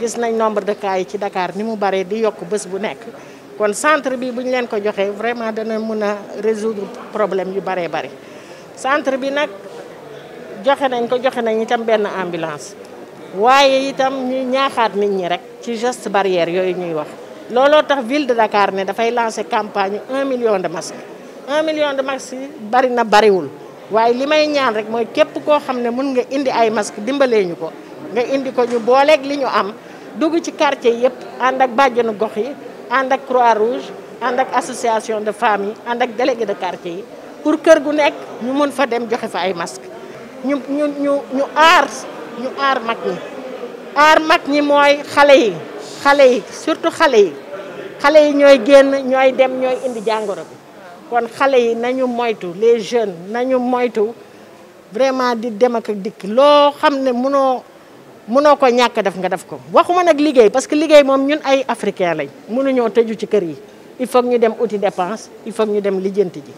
gis nañ nombre de cas yi ci Dakar ni mu bare di yok bëss bu nek kon centre bi buñ leen ko joxee vraiment dana mën a résoudre problème yu bare bare centre bi nak joxe nañ ko joxe nañ itam ben ambulance waye itam ñuy ñaaxaat nit ñi rek ci geste barrière yoy ñuy wax lolo tax ville de Dakar ne fay lancer campagne 1 million de masques 1 million de masques bari na bari wul waye limay ñaan rek moy képp ko xam mën nga indi ay masques dimbalé ñuko ko nga indi ko ñu booleeg li ñu am dugg ci quartier yëpp ànd ak bàjjenu gox yi ànd ak croix rouge ànd ak association de femmes yi ànd ak délégué de quartier yi pour kër gu nekk ñu mën fa dem joxe fa ay masque ñu ñu ñu ñu aar ñu aar mag ñi aar mag ñi mooy xale yi xale yi surtout xale yi xale yi ñooy génn ñooy dem ñooy indi jàngoro bi kon xale yi nañu moytu les jeunes nañu moytu vraiment di dem ak dikk loo xam ne mënoo mënoo ko ñàkk def nga def ko waxuma nag liggéey parce que liggéey moom ñun ay africain lañ mënuñoo tëju ci kër yi il faut ñu dem uti dépense il faut ñu dem lijjanti ji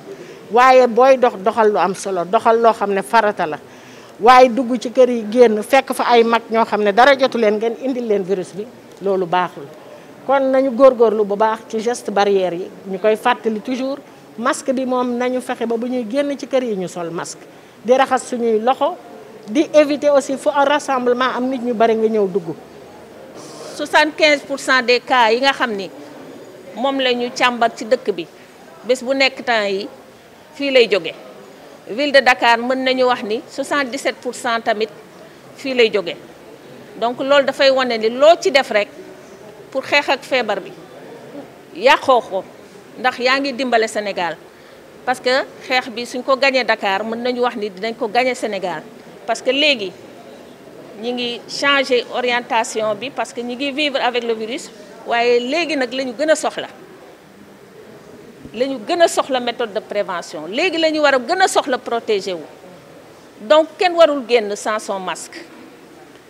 waaye booy dox doxal lu am solo doxal loo xam ne farata la waaye dugg ci kër yi génn fekk fa ay mag ñoo xam ne dara jotu leen ngeen indil leen virus bi loolu baaxul kon nañu góor góorlu bu baax ci geste barrière yi ñu koy fàttali toujours masque bi moom nañu fexe ba bu ñuy génn ci kër yi ñu sol masque di raxas suñuy loxo di éviter aussi faut un rassemblement am nit ñu bari nga ñew dugg. 75 des cas yi nga xamni mom lañu la ci dëkk bi bës bu nekk temps yi fi lay joggé ville de Dakar mën nañu wax ni 77 tamit fi lay joggé donc da fay wone ni lo ci def rek pour xeex ak fièvre bi ya xoxo ndax yaangi dimbalé Sénégal parce que xeex bi suñ ko gañee Dakar mën nañu wax ni dinañ ko gañee Sénégal parce que les ñi ngi changer orientation bi parce que ñi ngi vivre avec le virus waaye les gens la ñu gën soxla la gëna soxla méthode de prévention léegi la ñu war a soxla protéger wu donc ken warul génn sans son masque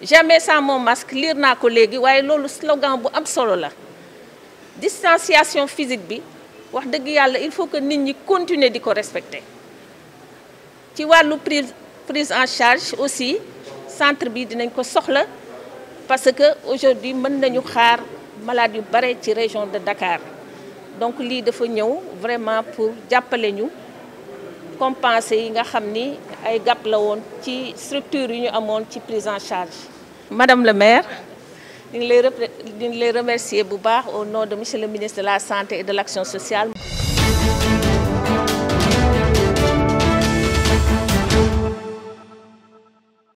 jamais sans mon masque Lire naa ko légui waaye lolu slogan bu am solo la distanciation physique bi wax deug yalla il faut que nit ñi continuer di ko respecter ci walu prise prise en charge aussi centre bi dinañ ko parce que aujourd'hui meun nañu xaar malade yu bare ci région de Dakar donc li dafa nous vraiment pour jàppale ñu compenser yi nga xamni ay gap la won ci structure yu ñu prise en charge madame le maire ñu les remercier bu au nom de monsieur le ministre de la santé et de l'action sociale